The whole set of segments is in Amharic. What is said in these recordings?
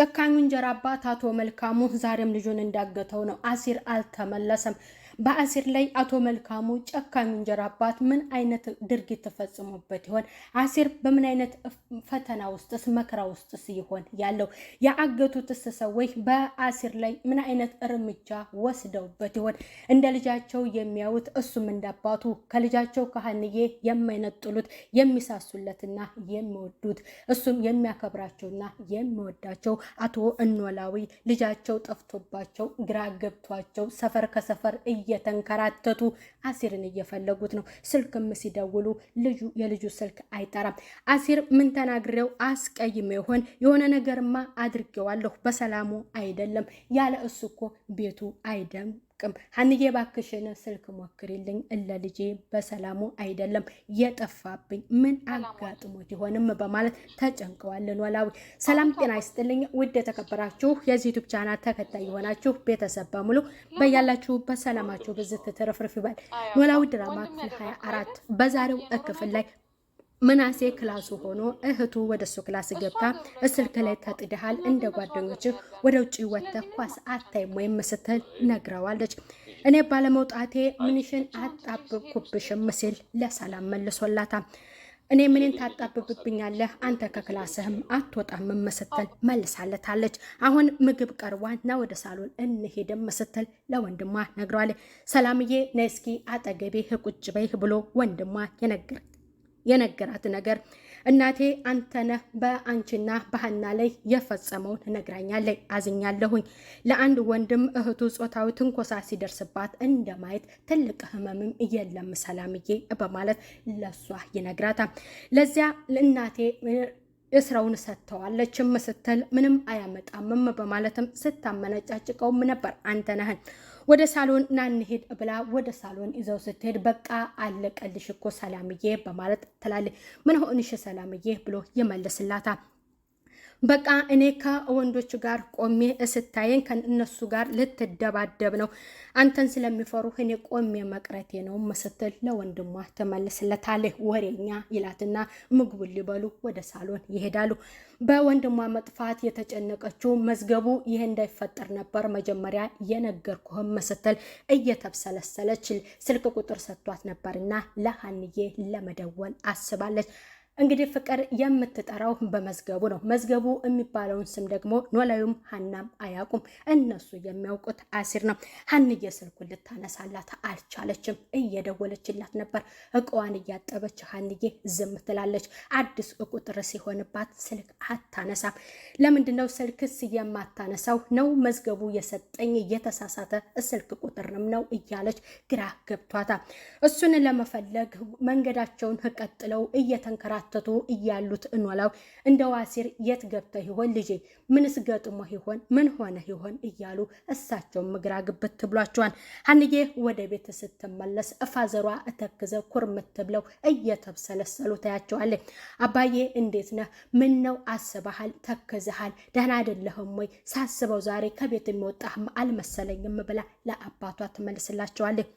ጨካኙ እንጀራ አባት አቶ መልካሙ ዛሬም ልጁን እንዳገተው ነው። አሲር አልተመለሰም። በአሲር ላይ አቶ መልካሙ ጨካኙ እንጀራ አባት ምን አይነት ድርጊት ተፈጽሞበት ይሆን? አሲር በምን አይነት ፈተና ውስጥስ መከራ ውስጥስ ይሆን ያለው? የአገቱትስ ሰዎች በአሲር ላይ ምን አይነት እርምጃ ወስደውበት ይሆን? እንደ ልጃቸው የሚያዩት እሱም እንዳባቱ ከልጃቸው ከሀንዬ የማይነጥሉት የሚሳሱለትና የሚወዱት እሱም የሚያከብራቸውና የሚወዳቸው አቶ እኖላዊ ልጃቸው ጠፍቶባቸው ግራ ገብቷቸው ሰፈር ከሰፈር እየ እየተንከራተቱ አሲርን እየፈለጉት ነው። ስልክም ሲደውሉ ልጁ የልጁ ስልክ አይጠራም። አሲር ምን ተናግሬው አስቀይሜ ይሆን? የሆነ ነገርማ አድርጌዋለሁ። በሰላሙ አይደለም ያለ እሱ እኮ ቤቱ አይደም አላውቅም። ሀንዬ ባክሽን ስልክ ሞክሪልኝ፣ ልጄ በሰላሙ አይደለም የጠፋብኝ ምን አጋጥሞት ይሆንም በማለት ተጨንቀዋለን። ኖላዊ ሰላም ጤና ይስጥልኝ። ውድ የተከበራችሁ የዚህ ዩቱብ ቻናል ተከታይ የሆናችሁ ቤተሰብ በሙሉ በያላችሁ በሰላማችሁ ብዝት ትርፍርፍ ይበል። ኖላዊ ድራማ ክፍል 24 በዛሬው ክፍል ላይ ምናሴ ክላሱ ሆኖ እህቱ ወደ እሱ ክላስ ገብታ ስልክ ላይ ተጥድሃል፣ እንደ ጓደኞች ወደ ውጭ ወጥተህ ኳስ አታይም ወይም ስትል ነግረዋለች። እኔ ባለመውጣቴ ምንሽን አጣብኩብሽም ሲል ለሰላም መልሶላታ እኔ ምንን ታጣብብብኛለህ? አንተ ከክላስህም አትወጣም ስትል መልሳለታለች። አሁን ምግብ ቀርቧ ና ወደ ሳሎን እንሄድም ስትል ለወንድሟ ነግረዋለች። ሰላምዬ ነስኪ አጠገቤ ቁጭ ብሎ ወንድሟ የነገር የነገራት ነገር እናቴ አንተነህ በአንቺና በሀና ላይ የፈጸመውን ነግራኛለች። አዝኛለሁኝ። ለአንድ ወንድም እህቱ ጾታዊ ትንኮሳ ሲደርስባት እንደማየት ትልቅ ህመምም የለም ሰላምዬ በማለት ለሷ ይነግራታል። ለዚያ እናቴ እስረውን ሰጥተዋለችም ስትል ምንም አያመጣምም በማለትም ስታመነጫጭቀውም ነበር አንተነህን ወደ ሳሎን ና እንሄድ ብላ ወደ ሳሎን ይዘው ስትሄድ በቃ አለቀልሽ እኮ ሰላምዬ በማለት ትላለች። ምን ሆንሽ ሰላምዬ ብሎ ይመልስላታል። በቃ እኔ ከወንዶች ጋር ቆሜ እስታየን ከእነሱ ጋር ልትደባደብ ነው፣ አንተን ስለሚፈሩ እኔ ቆሜ መቅረቴ ነው ስትል ለወንድሟ ትመልስለታለች። ወሬኛ ይላትና ምግቡ ሊበሉ ወደ ሳሎን ይሄዳሉ። በወንድሟ መጥፋት የተጨነቀችው መዝገቡ ይህ እንዳይፈጠር ነበር መጀመሪያ የነገርኩህም መስትል እየተብሰለሰለች ስልክ ቁጥር ሰጥቷት ነበርና ለሀንዬ ለመደወል አስባለች። እንግዲህ ፍቅር የምትጠራው በመዝገቡ ነው። መዝገቡ የሚባለውን ስም ደግሞ ኖላዩም ሀናም አያውቁም። እነሱ የሚያውቁት አሲር ነው። ሀንዬ ስልኩን ልታነሳላት አልቻለችም። እየደወለችላት ነበር። እቃዋን እያጠበች ሀንዬ ዝም ትላለች። አዲስ ቁጥር ሲሆንባት ስልክ አታነሳም። ለምንድን ነው ስልክስ የማታነሳው? ነው መዝገቡ የሰጠኝ የተሳሳተ ስልክ ቁጥር ነው እያለች ግራ ገብቷታ እሱን ለመፈለግ መንገዳቸውን ቀጥለው እየተንከራ እየተንከራተቱ እያሉት እኖላው እንደ ዋሲር የት ገብተ ይሆን ልጄ፣ ምንስ ገጥሞ ይሆን ምን ሆነ ይሆን እያሉ እሳቸው ምግራ ግብት ትብሏቸዋል። ሀንዬ ወደ ቤት ስትመለስ እፋዘሯ እተክዘ ኩርምት ብለው እየተብሰለሰሉ ታያቸዋለ አባዬ እንዴት ነህ? ምን ነው አስበሃል? ተክዝሃል? ደህና አይደለህም ወይ? ሳስበው ዛሬ ከቤት የሚወጣህም አልመሰለኝም ብላ ለአባቷ ትመልስላቸዋለች።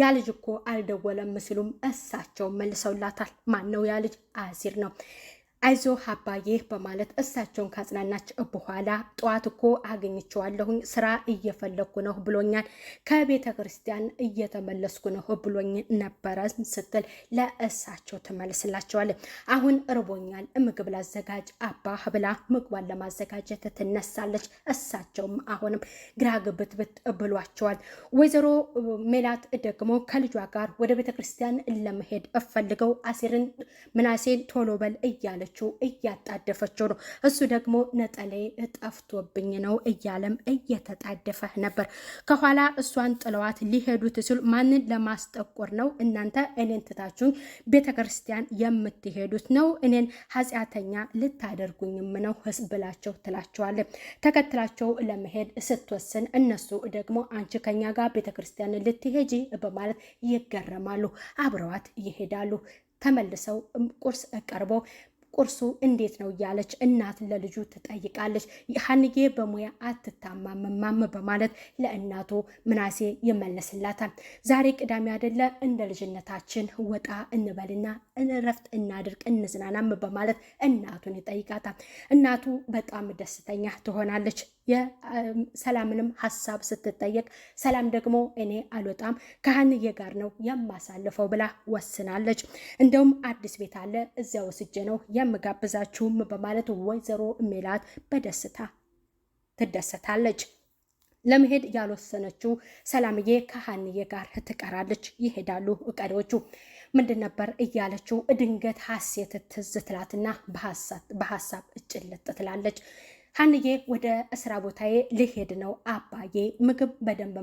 ያ ልጅ እኮ አልደወለም ሲሉም እሳቸው መልሰውላታል። ማን ነው ያ ልጅ? አሲር ነው። አይዞ አባዬ በማለት እሳቸውን ካጽናናች በኋላ ጠዋት እኮ አገኝቸዋለሁኝ ስራ እየፈለግኩ ነው ብሎኛል፣ ከቤተ ክርስቲያን እየተመለስኩ ነው ብሎኝ ነበረ ስትል ለእሳቸው ትመልስላቸዋል። አሁን እርቦኛል ምግብ ላዘጋጅ አባ ብላ ምግቧን ለማዘጋጀት ትነሳለች። እሳቸውም አሁንም ግራ ግብትብት ብሏቸዋል። ወይዘሮ ሜላት ደግሞ ከልጇ ጋር ወደ ቤተ ክርስቲያን ለመሄድ እፈልገው አሴርን ምናሴን ቶሎ በል እያለች እየወሰደችው እያጣደፈችው ነው። እሱ ደግሞ ነጠሌ ጠፍቶብኝ ነው እያለም እየተጣደፈ ነበር። ከኋላ እሷን ጥለዋት ሊሄዱት ሲሉ ማንን ለማስጠቆር ነው እናንተ እኔን ትታችሁኝ ቤተ ክርስቲያን የምትሄዱት ነው እኔን ኃጢአተኛ ልታደርጉኝም ነው ብላቸው ትላቸዋለን። ተከትላቸው ለመሄድ ስትወስን እነሱ ደግሞ አንቺ ከኛ ጋር ቤተ ክርስቲያን ልትሄጂ በማለት ይገረማሉ። አብረዋት ይሄዳሉ። ተመልሰው ቁርስ ቀርቦ ቁርሱ እንዴት ነው እያለች እናት ለልጁ ትጠይቃለች። ሀንዬ በሙያ አትታማምማም በማለት ለእናቱ ምናሴ ይመለስላታል። ዛሬ ቅዳሜ አይደለ እንደ ልጅነታችን ወጣ እንበልና እረፍት እናድርግ እንዝናናም በማለት እናቱን ይጠይቃታል። እናቱ በጣም ደስተኛ ትሆናለች። የሰላምንም ሀሳብ ስትጠየቅ ሰላም ደግሞ እኔ አልወጣም ከሀንዬ ጋር ነው የማሳልፈው ብላ ወስናለች። እንደውም አዲስ ቤት አለ እዚያ ወስጄ ነው የምጋብዛችሁም በማለት ወይዘሮ ሜላት በደስታ ትደሰታለች። ለመሄድ ያልወሰነችው ሰላምዬ ከሀንዬ ጋር ትቀራለች። ይሄዳሉ። ቀሪዎቹ ምንድን ነበር እያለችው ድንገት ሀሴት ትዝ ትላትና በሀሳብ እጭልጥ ትላለች። ሀንዬ ወደ እስራ ቦታዬ ልሄድ ነው አባዬ፣ ምግብ በደንብ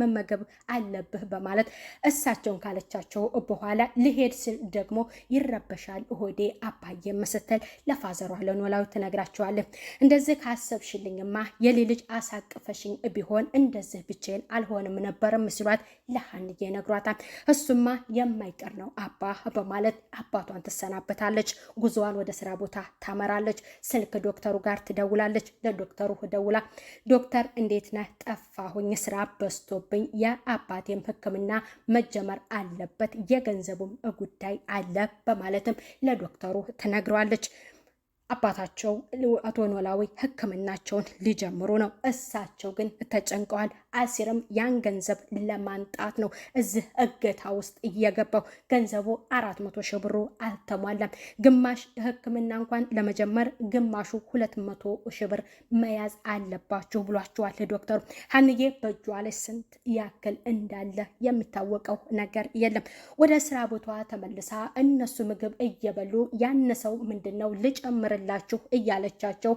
መመገብ አለብህ በማለት እሳቸውን ካለቻቸው በኋላ ልሄድ ስል ደግሞ ይረበሻል ሆዴ አባዬ መስተል ለፋዘሯ ለኖላዊ ትነግራቸዋለን። እንደዚህ ካሰብሽልኝማ የሌ ልጅ አሳቅፈሽኝ ቢሆን እንደዚህ ብቻዬን አልሆንም ነበርም ሲሏት ለሀንዬ ነግሯታል። እሱማ የማይቀር ነው አባ በማለት አባቷን ትሰናበታለች። ጉዞዋን ወደ ስራ ቦታ ታመራለች። ስልክ ዶክተሩ ጋር ትደውላለች። ለዶክተሩ ደውላ ዶክተር እንዴት ነህ? ጠፋሁኝ፣ ስራ በዝቶብኝ፣ የአባቴም ህክምና መጀመር አለበት፣ የገንዘቡም ጉዳይ አለ በማለትም ለዶክተሩ ትነግረዋለች። አባታቸው አቶ ኖላዊ ህክምናቸውን ሊጀምሩ ነው። እሳቸው ግን ተጨንቀዋል። አሲርም ያን ገንዘብ ለማንጣት ነው እዚህ እገታ ውስጥ እየገባው። ገንዘቡ አራት መቶ ሺህ ብሩ አልተሟላም። ግማሽ ሕክምና እንኳን ለመጀመር ግማሹ ሁለት መቶ ሺህ ብር መያዝ አለባችሁ ብሏቸዋል ዶክተሩ። ሀንዬ በእጇ ላይ ስንት ያክል እንዳለ የሚታወቀው ነገር የለም። ወደ ስራ ቦቷ ተመልሳ እነሱ ምግብ እየበሉ ያነሰው ምንድን ነው ልጨምርላችሁ እያለቻቸው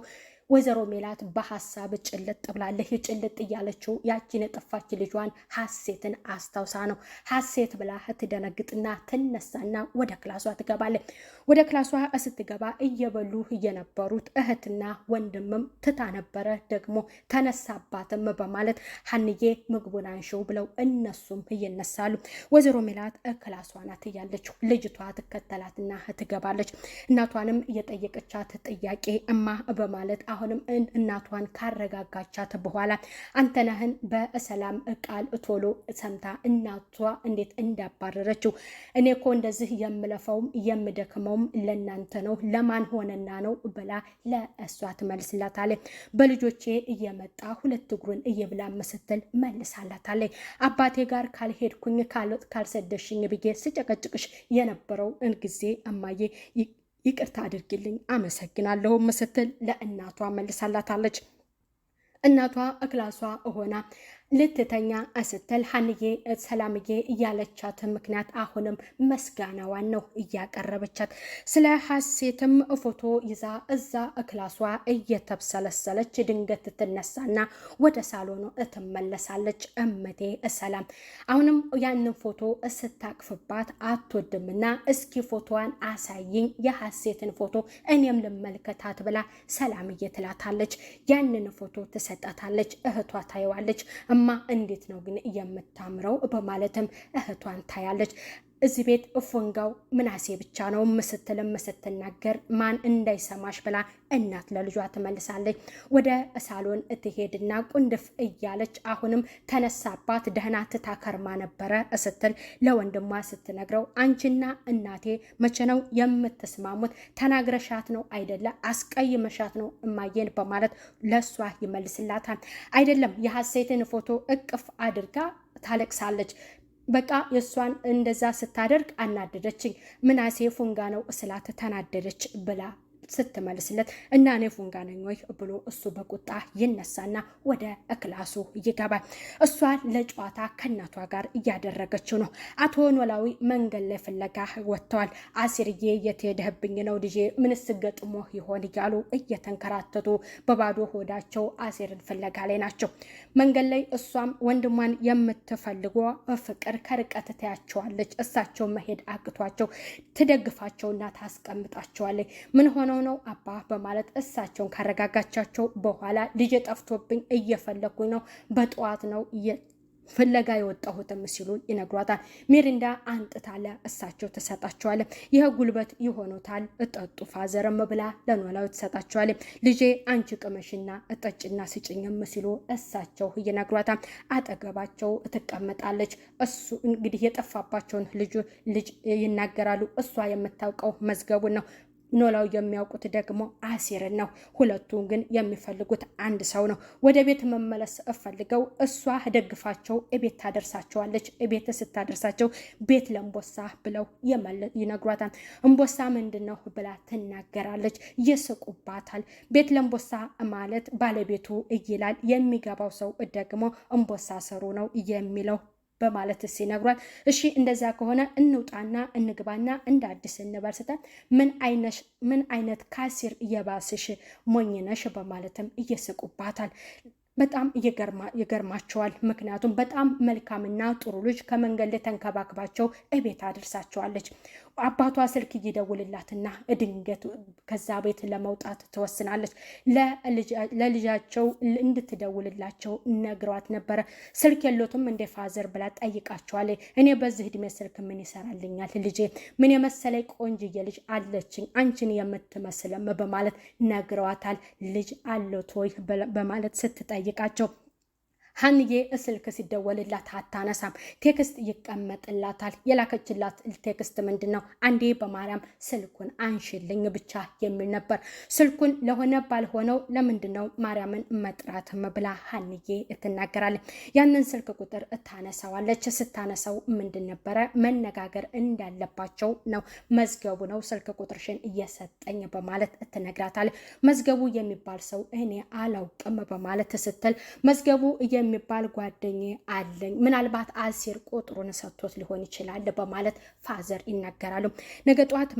ወይዘሮ ሜላት በሀሳብ ጭልጥ ብላለች። ጭልጥ እያለችው ያቺን የጠፋች ልጇን ሀሴትን አስታውሳ ነው። ሀሴት ብላ ትደነግጥና ትነሳና ወደ ክላሷ ትገባለች። ወደ ክላሷ ስትገባ እየበሉ እየነበሩት እህትና ወንድምም ትታ ነበረ። ደግሞ ተነሳባትም በማለት ሀንዬ ምግቡን አንሺው ብለው እነሱም ይነሳሉ። ወይዘሮ ሜላት ክላሷ ናት ያለችው። ልጅቷ ትከተላትና ትገባለች። እናቷንም የጠየቀቻት ጥያቄ እማ በማለት አሁንም እናቷን ካረጋጋቻት በኋላ አንተነህን በሰላም ቃል ቶሎ ሰምታ እናቷ እንዴት እንዳባረረችው እኔ እኮ እንደዚህ የምለፈውም የምደክመውም ለእናንተ ነው ለማን ሆነና ነው ብላ ለእሷ ትመልስላታለች። በልጆቼ እየመጣ ሁለት እግሩን እየብላ ስትል መልሳላታለች። አባቴ ጋር ካልሄድኩኝ ካልሰደሽኝ ብዬ ስጨቀጭቅሽ የነበረው ጊዜ እማዬ ይቅርታ አድርጊልኝ አመሰግናለሁም ስትል ለእናቷ መልሳላታለች። እናቷ እክላሷ ሆና ልትተኛ ስትል ሀንዬ ሰላምዬ እያለቻት ምክንያት አሁንም መስጋናዋን ነው እያቀረበቻት። ስለ ሀሴትም ፎቶ ይዛ እዛ ክላሷ እየተብሰለሰለች ድንገት ትነሳና ወደ ሳሎኑ ትመለሳለች። እመቴ ሰላም አሁንም ያንን ፎቶ ስታቅፍባት አትወድምና እስኪ ፎቶዋን አሳይኝ የሀሴትን ፎቶ እኔም ልመልከታት ብላ ሰላምዬ ትላታለች። ያንን ፎቶ ትሰጣታለች። እህቷ ታየዋለች። እማ እንዴት ነው ግን የምታምረው በማለትም እህቷን ታያለች። እዚህ ቤት እፎንጋው ምናሴ ብቻ ነው ምስትልም ስትናገር ማን እንዳይሰማሽ ብላ እናት ለልጇ ትመልሳለች። ወደ ሳሎን እትሄድና ቁንድፍ እያለች አሁንም ተነሳባት። ደህና ትታከርማ ነበረ ስትል ለወንድሟ ስትነግረው አንቺና እናቴ መቼ ነው የምትስማሙት? ተናግረሻት ነው አይደለ? አስቀይመሻት ነው እማየን በማለት ለሷ ይመልስላታል። አይደለም የሀሴትን ፎቶ እቅፍ አድርጋ ታለቅሳለች። በቃ የእሷን እንደዛ ስታደርግ አናደደችኝ። ምናሴ ፉንጋ ነው ስላት ተናደደች ብላ ስትመልስለት እና እኔ ፉንጋ ነኝ ወይ ብሎ እሱ በቁጣ ይነሳና ወደ እክላሱ ይገባል። እሷ ለጨዋታ ከእናቷ ጋር እያደረገችው ነው። አቶ ኖላዊ መንገድ ላይ ፍለጋ ወጥተዋል። አሲርዬ የትሄደህብኝ ነው ልጄ፣ ምንስ ገጥሞ ይሆን እያሉ እየተንከራተቱ በባዶ ሆዳቸው አሴርን ፍለጋ ላይ ናቸው። መንገድ ላይ እሷም ወንድሟን የምትፈልጎ ፍቅር ከርቀት ታያቸዋለች። እሳቸው መሄድ አቅቷቸው ትደግፋቸውና ታስቀምጣቸዋለች። ምን ሆነው ነው ነው አባ በማለት እሳቸውን ካረጋጋቻቸው በኋላ ልጄ ጠፍቶብኝ እየፈለግኩኝ ነው፣ በጠዋት ነው ፍለጋ የወጣሁትም ሲሉ ይነግሯታል። ሚሪንዳ አንጥታለ እሳቸው ትሰጣቸዋለ። ይህ ጉልበት ይሆኑታል እጠጡ ፋዘርም ብላ ለኖላዊ ትሰጣቸዋለ። ልጄ አንቺ ቅመሽና እጠጭና ስጭኝም ሲሉ እሳቸው ይነግሯታል። አጠገባቸው ትቀመጣለች። እሱ እንግዲህ የጠፋባቸውን ልጅ ይናገራሉ። እሷ የምታውቀው መዝገቡን ነው። ኖላው የሚያውቁት ደግሞ አሲርን ነው። ሁለቱ ግን የሚፈልጉት አንድ ሰው ነው። ወደ ቤት መመለስ እፈልገው እሷ ደግፋቸው እቤት ታደርሳቸዋለች። እቤት ስታደርሳቸው ቤት ለእንቦሳ ብለው ይነግሯታል። እምቦሳ ምንድን ነው ብላ ትናገራለች። ይስቁባታል። ቤት ለእንቦሳ ማለት ባለቤቱ ይላል። የሚገባው ሰው ደግሞ እምቦሳ ስሩ ነው የሚለው በማለት እስ ይነግሯል። እሺ እንደዛ ከሆነ እንውጣና እንግባና እንደ አዲስ እንበርስታል። ምን አይነት ካሲር እየባስሽ ሞኝነሽ በማለትም እየስቁባታል። በጣም ይገርማቸዋል። ምክንያቱም በጣም መልካምና ጥሩ ልጅ ከመንገድ ላይ ተንከባክባቸው እቤት አድርሳቸዋለች። አባቷ ስልክ እየደውልላትና ድንገት ከዛ ቤት ለመውጣት ትወስናለች። ለልጃቸው እንድትደውልላቸው ነግሯት ነበረ። ስልክ የሎትም እንደ ፋዘር ብላ ጠይቃቸዋለች። እኔ በዚህ እድሜ ስልክ ምን ይሰራልኛል? ልጄ ምን የመሰለ ቆንጅዬ ልጅ አለችኝ አንቺን የምትመስለም በማለት ነግረዋታል። ልጅ አለቶይ በማለት ስትጠይቅ ጠየቃቸው። ሀንዬ ስልክ ሲደወልላት አታነሳም። ቴክስት ይቀመጥላታል። የላከችላት ቴክስት ምንድን ነው? አንዴ በማርያም ስልኩን አንሽልኝ ብቻ የሚል ነበር። ስልኩን ለሆነ ባልሆነው ለምንድን ነው ማርያምን መጥራትም ብላ ሀንዬ ትናገራለች። ያንን ስልክ ቁጥር እታነሳዋለች። ስታነሳው ምንድን ነበረ መነጋገር እንዳለባቸው ነው። መዝገቡ ነው ስልክ ቁጥርሽን እየሰጠኝ በማለት ትነግራታለች። መዝገቡ የሚባል ሰው እኔ አላውቅም በማለት ስትል መዝገቡ የሚባል ጓደኛ አለኝ፣ ምናልባት አሲር ቁጥሩን ሰጥቶት ሊሆን ይችላል በማለት ፋዘር ይናገራሉ። ነገ ጠዋት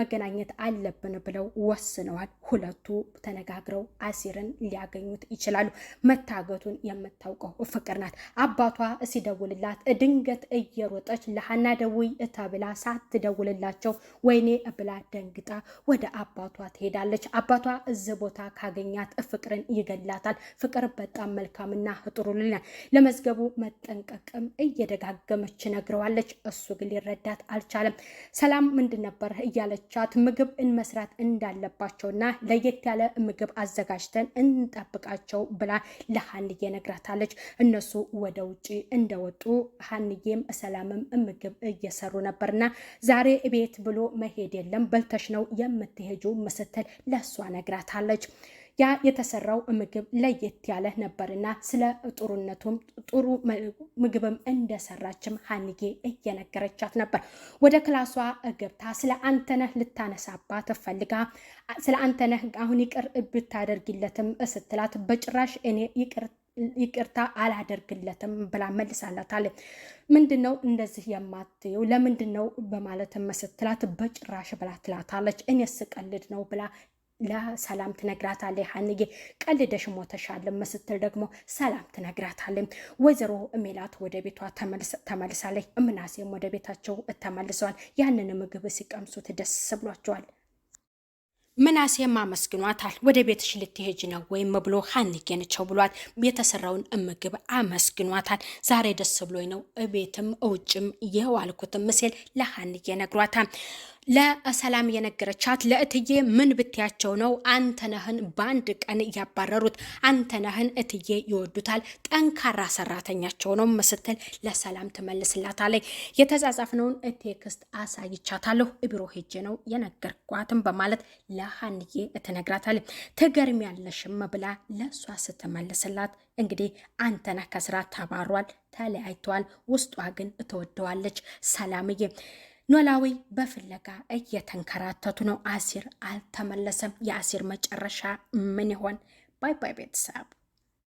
መገናኘት አለብን ብለው ወስነዋል። ሁለቱ ተነጋግረው አሲርን ሊያገኙት ይችላሉ። መታገቱን የምታውቀው ፍቅር ናት። አባቷ ሲደውልላት ድንገት እየሮጠች ለሀና ደውይ ተብላ ሳትደውልላቸው ወይኔ ብላ ደንግጣ ወደ አባቷ ትሄዳለች። አባቷ እዚህ ቦታ ካገኛት ፍቅርን ይገላታል። ፍቅር በጣም መልካምና አሳጥሩልናል። ለመዝገቡ መጠንቀቅም እየደጋገመች ነግረዋለች። እሱ ግን ሊረዳት አልቻለም። ሰላም ምንድን ነበር እያለቻት ምግብ እንመስራት እንዳለባቸውና ለየት ያለ ምግብ አዘጋጅተን እንጠብቃቸው ብላ ለሀንዬ ነግራታለች። እነሱ ወደ ውጭ እንደወጡ ሀንዬም ሰላምም ምግብ እየሰሩ ነበርና ዛሬ ቤት ብሎ መሄድ የለም በልተሽ ነው የምትሄጁ ምስትል ለእሷ ነግራታለች። ያ የተሰራው ምግብ ለየት ያለ ነበርና ስለ ጥሩነቱም ጥሩ ምግብም እንደሰራችም ሀንጌ እየነገረቻት ነበር። ወደ ክላሷ ገብታ ስለ አንተነህ ልታነሳባት ፈልጋ ስለ አንተነህ አሁን ይቅር ብታደርግለትም ስትላት በጭራሽ እኔ ይቅር ይቅርታ አላደርግለትም ብላ መልሳላታለች። ምንድን ነው እንደዚህ የማትየው ለምንድን ነው በማለትም ስትላት በጭራሽ ብላ ትላታለች። እኔ ስቀልድ ነው ብላ ለሰላም ትነግራታለች። ሀንዬ ቀልደሽ ሞተሻል ስትል ደግሞ ሰላም ትነግራታለች። ወይዘሮ ሜላት ወደ ቤቷ ተመልሳለች። ምናሴም ወደ ቤታቸው ተመልሰዋል። ያንን ምግብ ሲቀምሱት ደስ ብሏቸዋል። ምናሴም አመስግኗታል። ወደ ቤትሽ ልትሄጅ ነው ወይም ብሎ ሀንዬን ቸው ብሏት የተሰራውን ምግብ አመስግኗታል። ዛሬ ደስ ብሎኝ ነው እቤትም እውጭም የዋልኩትም ሲል ለሀንጌ ነግሯታል። ለሰላም የነገረቻት ለእትዬ ምን ብትያቸው ነው አንተነህን በአንድ ቀን ያባረሩት? አንተነህን እትዬ ይወዱታል፣ ጠንካራ ሰራተኛቸው ነው ስትል ለሰላም ትመልስላታለች። የተጻጻፍነውን ቴክስት አሳይቻታለሁ፣ ቢሮ ሄጄ ነው የነገርኳትም በማለት ለሀንዬ ትገርም ትገርሚያለሽም ብላ ለእሷ ስትመልስላት እንግዲህ አንተነህ ከስራ ተባሯል፣ ተለያይተዋል፣ ውስጧ ግን ትወደዋለች ሰላምዬ ኖላዊ በፍለጋ እየተንከራተቱ ነው። አሲር አልተመለሰም። የአሲር መጨረሻ ምን ይሆን? ባይ ባይ ቤተሰብ